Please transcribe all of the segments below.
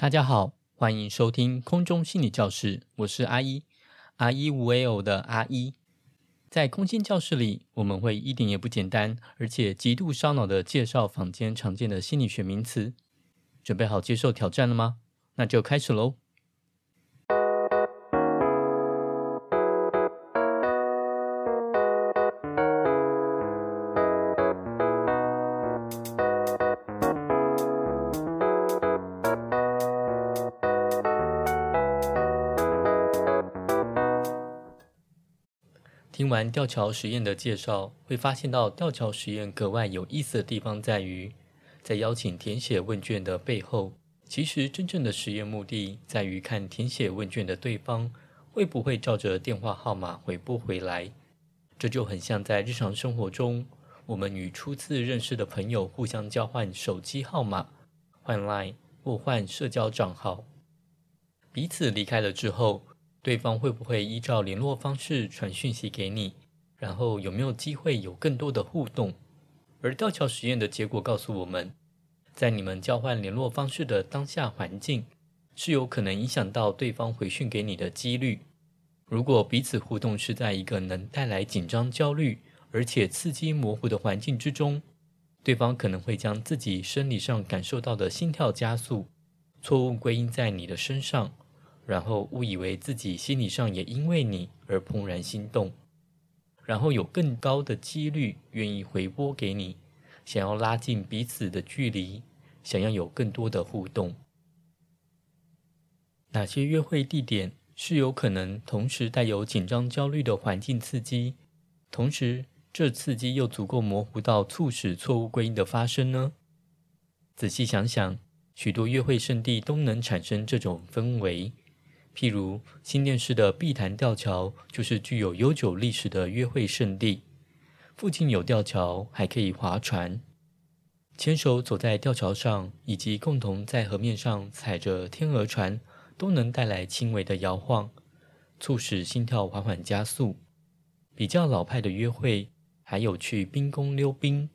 大家好，歡迎收聽空中心理教室，我是阿一，阿一無 A O 的阿一。在空中教室裡，我們會一點也不簡單，而且極度燒腦地介紹坊間常見的心理學名詞。準備好接受挑戰了嗎？那就開始嘍。聽完吊橋實驗的介紹，會發現到吊橋實驗格外有意思的地方在於，在邀請填寫問卷的背後，其實真正的實驗目的在於看填寫問卷的對方會不會照着電話號碼回撥回來。這就很像在日常生活中，我們與初次認識的朋友互相交換手機號碼、換 Line 或換社交賬號，彼此離開了之後。對方會不會依照聯絡方式傳訊息給你？然後有沒有機會有更多的互動？而吊橋實驗的結果告訴我們，在你們交換聯絡方式的當下環境，是有可能影響到對方回訊給你的幾率。如果彼此互動是在一個能帶來緊張、焦慮，而且刺激模糊的環境之中，對方可能會將自己生理上感受到的心跳加速，錯誤歸因在你的身上。然後誤以為自己心理上也因為你而怦然心動，然後有更高的幾率願意回撥給你，想要拉近彼此的距離，想要有更多的互動。哪些約會地點是有可能同時帶有緊張焦慮的環境刺激，同時這刺激又足夠模糊到促使錯誤歸因的發生呢？仔細想想，許多約會聖地都能產生這種氛圍。譬如新店市的碧潭吊橋，就是具有悠久歷史的約會勝地。附近有吊橋，還可以划船，牽手走在吊橋上，以及共同在河面上踩着天鵝船，都能帶來輕微的搖晃，促使心跳緩緩加速。比較老派的約會，還有去冰宮溜冰。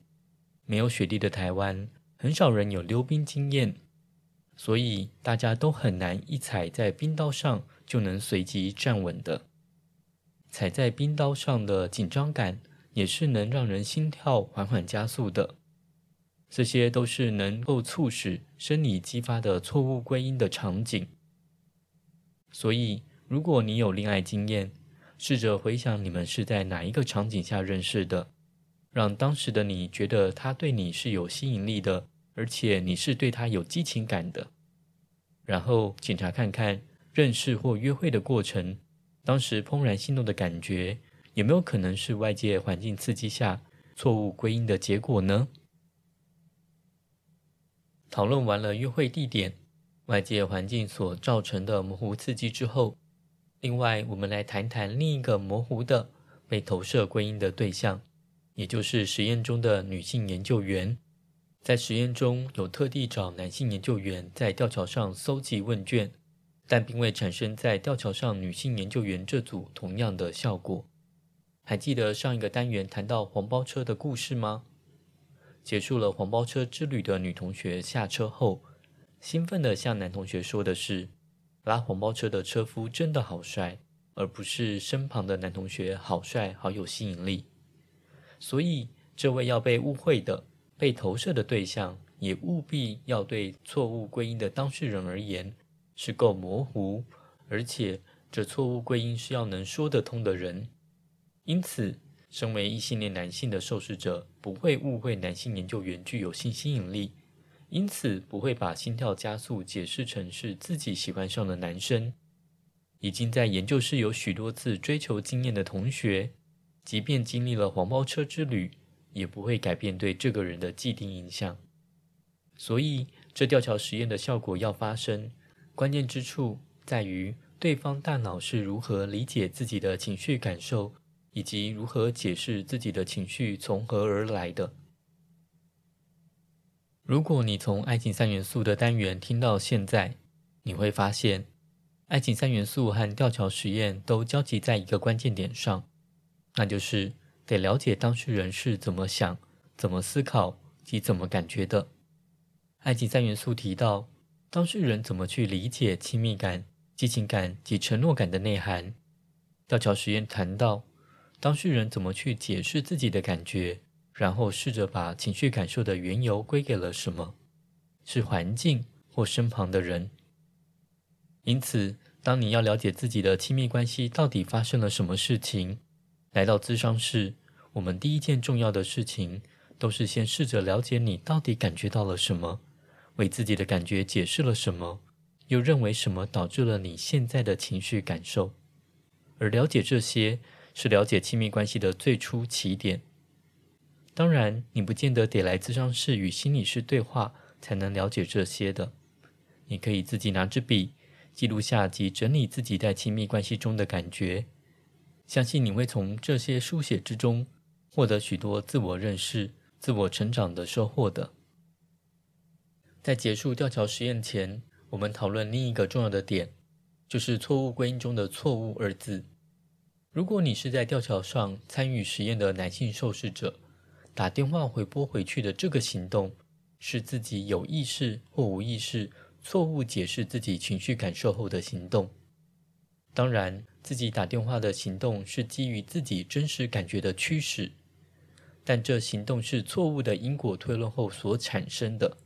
沒有雪地的台灣，很少人有溜冰經驗。所以大家都很難一踩在冰刀上就能隨即站穩的。踩在冰刀上的緊張感也是能讓人心跳緩緩加速的。這些都是能夠促使生理激發的錯誤歸因的場景。所以，如果你有戀愛經驗，試着回想你們是在哪一個場景下認識的，讓當時的你覺得他對你是有吸引力的。而且你是對他有激情感的，然後檢查看看認識或約會的過程，當時怦然心動的感覺，有沒有可能是外界環境刺激下錯誤歸因的結果呢？討論完了約會地點、外界環境所造成的模糊刺激之後，另外我們來談談另一個模糊的被投射歸因的對象，也就是實驗中的女性研究員。在實驗中有特地找男性研究員在吊橋上蒐集問卷，但並未產生在吊橋上女性研究員這組同樣的效果。還記得上一個單元談到黃包車的故事嗎？結束了黃包車之旅的女同學下車後，興奮地向男同學說的是：“拉黃包車的車夫真的好帥”，而不是身旁的男同學好帥，好有吸引力。所以這位要被誤會的。被投射的對象也務必要對錯誤歸因的當事人而言是夠模糊，而且這錯誤歸因是要能說得通的人。因此，身為異性戀男性的受試者不會誤會男性研究員具有性吸引力，因此不會把心跳加速解釋成是自己喜歡上的男生。已經在研究室有許多次追求經驗的同學，即便經歷了黃包車之旅。也不會改變對這個人的既定印象，所以這吊橋實驗的效果要發生，關鍵之處在於對方大腦是如何理解自己的情緒感受，以及如何解釋自己的情緒從何而來的。如果你從愛情三元素的單元聽到現在，你會發現，愛情三元素和吊橋實驗都交集在一個關鍵點上，那就是。得了解當事人是怎麼想、怎麼思考及怎麼感覺的。愛情三元素提到，當事人怎麼去理解親密感、激情感及承諾感的內涵。吊橋實驗談到，當事人怎麼去解釋自己的感覺，然後試着把情緒感受的緣由歸給了什麼，是環境或身旁的人。因此，當你要了解自己的親密關係到底發生了什麼事情，來到諮商室，我們第一件重要的事情都是先試着了解你到底感覺到了什麼，為自己的感覺解釋了什麼，又認為什麼導致了你現在的情緒感受。而了解這些是了解親密關係的最初起點。當然，你不見得得來諮商室與心理師對話才能了解這些的，你可以自己拿支筆記錄下及整理自己在親密關係中的感覺。相信你會從這些書寫之中獲得許多自我認識、自我成長的收穫的。在結束吊橋實驗前，我們討論另一個重要的點，就是錯誤歸因中的“錯誤”二字。如果你是在吊橋上參與實驗的男性受試者，打電話回撥回去的這個行動，是自己有意識或無意識錯誤解釋自己情緒感受後的行動。當然，自己打電話的行動是基於自己真實感覺的驅使，但這行動是錯誤的因果推論後所產生的。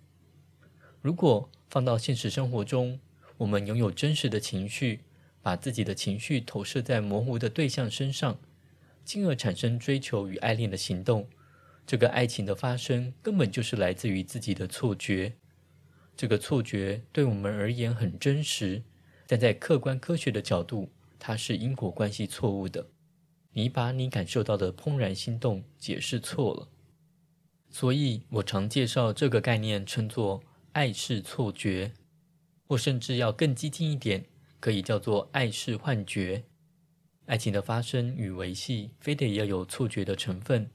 如果放到現實生活中，我們擁有真實的情緒，把自己的情緒投射在模糊的對象身上，進而產生追求與愛戀的行動，這個愛情的發生根本就是來自於自己的錯覺。這個錯覺對我們而言很真實。但在客觀科學的角度，它是因果關係錯誤的。你把你感受到的怦然心動解釋錯了，所以我常介紹這個概念，稱作“愛是錯覺”，或甚至要更激進一點，可以叫做“愛是幻覺”。愛情的發生與維繫，非得要有錯覺的成分。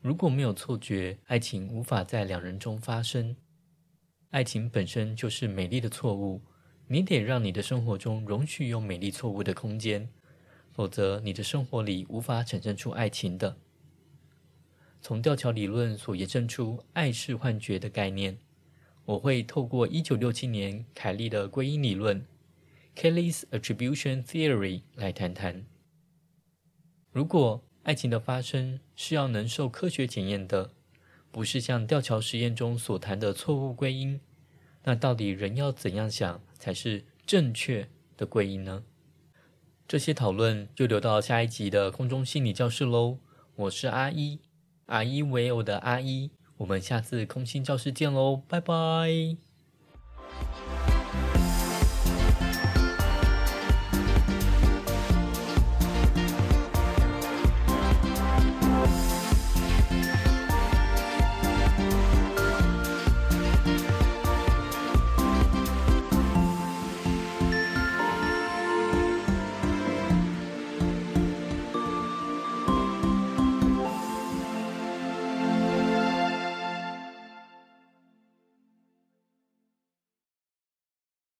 如果沒有錯覺，愛情無法在兩人中發生。愛情本身就是美麗的錯誤。你得讓你的生活中容許有美麗錯誤的空間，否則你的生活裡無法產生出愛情的。從吊橋理論所延伸出愛是幻覺的概念，我會透過一九六七年凱利的歸因理論 （Kelly's Attribution Theory） 來談談。如果愛情的發生是要能受科學檢驗的，不是像吊橋實驗中所談的錯誤歸因。那到底人要怎樣想才是正確的歸因呢？這些討論就留到下一集的空中心理教室嘍。我是阿一，阿一唯有的阿一。我們下次空心教室見嘍，拜拜。